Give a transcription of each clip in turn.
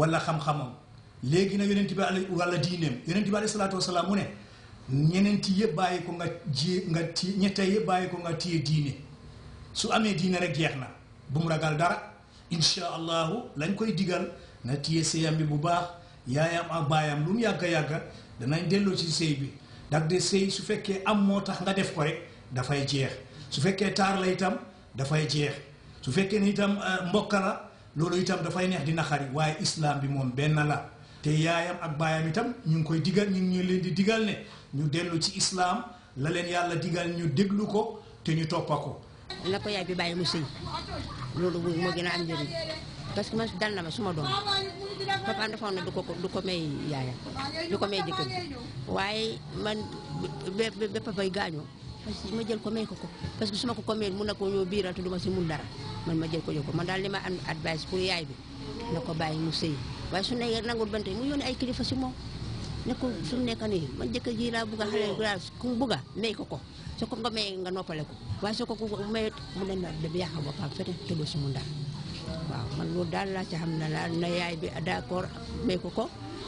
wala xam-xamam léegi nag yonent bi al wala diineem yonent bi alayhi salaatu wasalaam mu ne ñeneenti yëpp bàyyi ko nga ji nga ti ñette yëpp bàyyi ko nga téye diine su amee diine rek jeex na bu mu ragal dara insha allahu lañ koy digal na téye séyam bi bu baax yaayam ak baayam lu mu yàgga-yàgga danañ delloo ci sëy bi dak de sëy su fekkee am moo tax nga def ko rek dafay jeex su fekkee taar la itam dafay jeex su fekkee ne itam euh, mbokka la loolu itam dafay neex dina naqari waaye islam bi moom benn la te yaayam ak baayam itam ñu ngi koy diggal digal ñu leen di digal ne ñu dellu ci islaam la leen yàlla digal ñu déglu ko te ñu toppa ko. la ko yaay bi bàyyi mu sëy loolu moo gën a am njëriñ parce que man dal na ma suma doom papa defoon na du ko ko du ko may yaayam du ko may jëkkër waaye man ba ba papa gaañoo ma jël ko may ko ko parce que su ma ko ko mayoon mun na ko ñëw biiral te du ma si mun dara jël ko yóbbu man daal li ma am advice pour ko bàyyi mu sëy waaye su ne nangul bante mu yónnee ay kilifa si moom ne ko su nekk nii man a a may ko ko soo ko nga nga noppale ko waaye soo ko ku mayut na dem yàq boppam fete te du si mun dara waaw man loolu daal laa ci xam ne daal na yaay bi d'accord may ko ko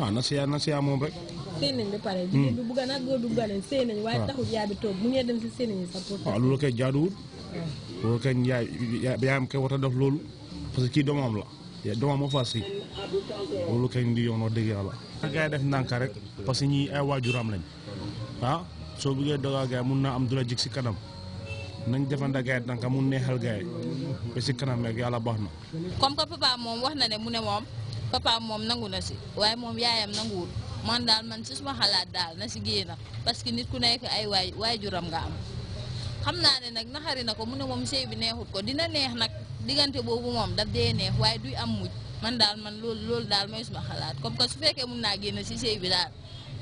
Hmm. ah nasiya nasiya moom rek seen nañ ba pare jigéen bi bugga nag góor bi bugga leen seen nañ waaye taxul yaay bi mu ngee dem si seen nañ sa pour kay jaaduwul loolu kay yaay yaayam ya kay war a def loolu parce que kii doomam la yaa doomam moo faa si loolu kay di yoon wax dëgg yàlla gaa def ndànk rek parce que ay lañ ah, am kanam nañ defanda mu neexal kanam rek comme que papa wax na ne mu ne papaam moom nangu na si waaye moom yaayam nanguwul man daal man si suma xalaat daal na si génn parce que nit ku nekk ay waay juram nga am xam naa ne nag naxari na ko mu ne moom sëy bi neexut ko dina neex nag diggante boobu moom daf dee neex waaye duy am mujj man daal man lool loolu daal mooy suma xalaat comme que su fekkee mun naa génn si sëy bi daal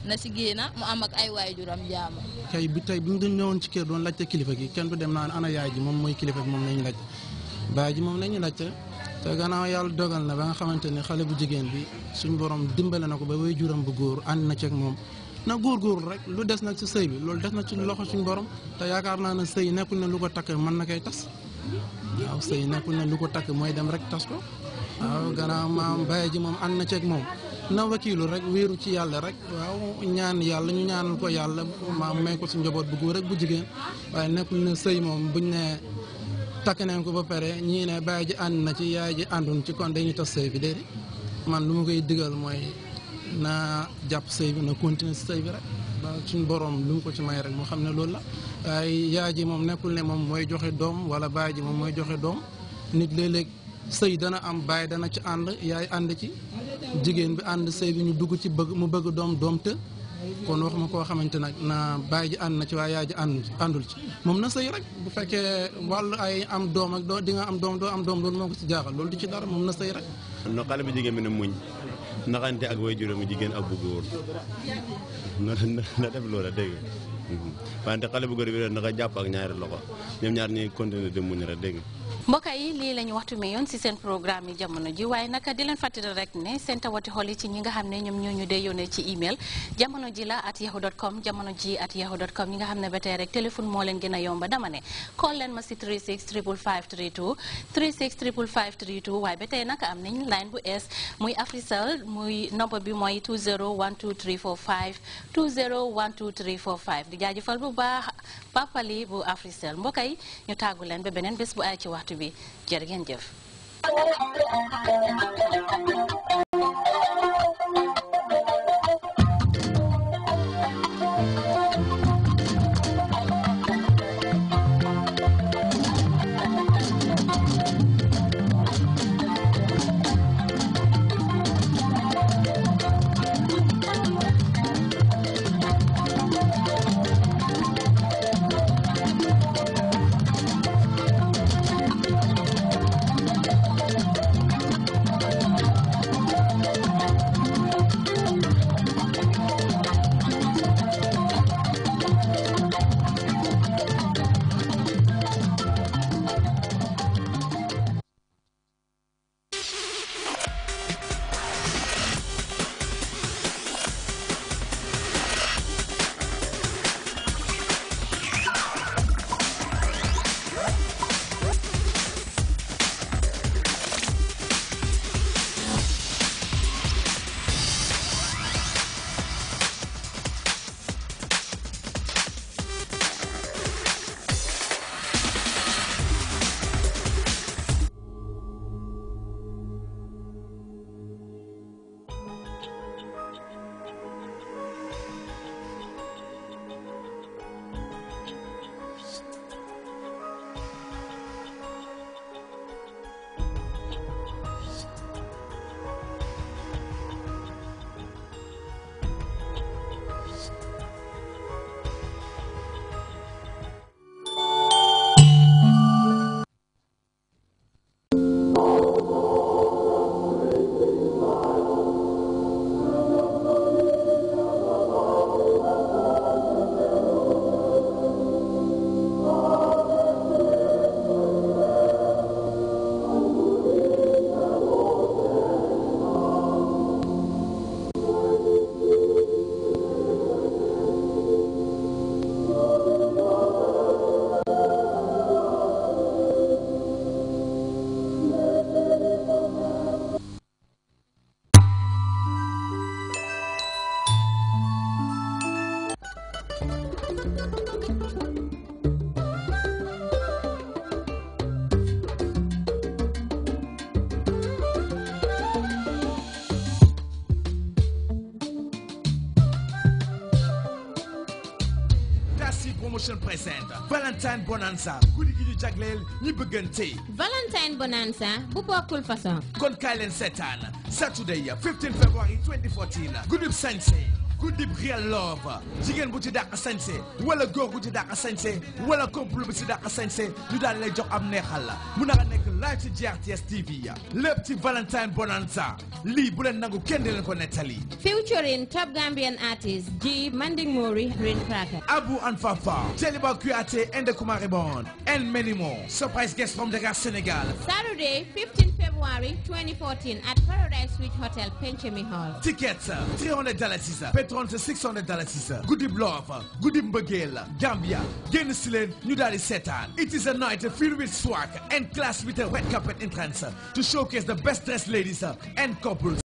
na si génn mu am ak ay waajuram jaamu. tey bi tey bi ñu ñëwoon ci kër doon laajte kilifa gi kenn du dem naan ana yaay ji moom mooy kilifa moom la ñu laaj la ñu laajte. te gannaaw yàlla dogal na ba nga xamante ne xale bu jigéen bi suñ borom dimbale na ko ba way juram bu góor ànd na ceeg moom na góor rek lu des nag ci sëy bi loolu des na ci loxo suñ borom te yaakaar naa ne sëy nekkul ne lu ko takk mën na koy tas waaw sëy nekkul ne lu ko takk mooy dem rek tas ko waaw gannaaw maam baye ji moom ànd na ceeg moom na wakiilu rek wéeru ci yàlla rek waaw ñaan yàlla ñu ñaanal ko yàlla maam may ko suñ njaboot bu góor rek bu jigéen waaye nekkul ne sëy moom buñ ne takk nañ ko ba pare ñii ne baay ji ànd na ci yaay ji àndun ci kon dañuy tas sëy bi de man lu mu koy digal mooy na jàpp sëy bi na continuer si sëy bi rek ba suñ borom lu mu ko ci may rek moo xam ne loolu la waaye yaay ji moom nekkul ne moom mooy joxe doom wala baay ji moom mooy joxe doom nit léeg-léeg sëy dana am baay dana ci ànd yaay ànd ci jigéen bi ànd sëy bi ñu dugg ci bëgg mu bëgg doom doom të kon waxuma koo xamante nag na baay ji ànd na ci waaye yaay ji ànd àndul ci moom na sëy rek bu fekkee wàllu ay am doom ak doo di nga am doom doo am doom loolu moo ko ci jaaxal loolu di ci dara moom na sëy rek no xale bi jigéen bi ne muñ naxante ak way juróomi jigéen ak bu góor na def loola dégg mhm. wante xale bu góor na rek naka jàpp ak ñaari loxo ñoom ñaar ñuy continuer de muñ rek dégg mbokka yi lii la ñu waxtu mi yoon si seen programme yi jamono ji waaye naka di leen fàttali rek ne seen tawati xol yi ci ñi nga xam ne ñoom ñoo ñu dee yónnee ci email jamono ji la at yahoo dot com jamono ji at yahoo dot com ñi nga xam ne ba tey rek téléphone moo leen gën a yomba dama ne call leen ma si 36 55532 36 55532 waaye ba tey nag am nañ line bu es muy Africell muy nombre bi mooy 20 12345 20 12345 di jaajëfal bu baax papali bu Africell mbokka yi ñu tàggu leen ba beneen bés bu ay ci waxtu bi jërë ngeen jëf promotion present Valentine Bonanza guddi gi ñu jagleel ñi bëggante Valentine Bonanza bu bokkul façon kon kaay leen seetaan Saturday 15 February 2014 guddib sañse guddib love jigéen bu ci dàq sañse wala góor bu ci dàq sañse wala couple bu ci dàq sañse ñu daal lay jox am neexal la a Live to JRTS TV ya Valentine Bonanza lii bu leen nangu kenn di featuring top Gambian artist G Manding Mori Rain Cracker. Abu and Fafa. Jeliba Kuyate and the Kumari Bond. And many more. Surprise guests from the Senegal. Saturday, 15 February 2014 at Paradise Suite Hotel, Penchemi Hall. Tickets, $300. Patrons, $600. Goodie Love, Goodie Mbegel, Gambia. Genesilen, New Dali Setan. It is a night filled with swag and class with a Red carpet entrance to showcase the best dressed ladies and couples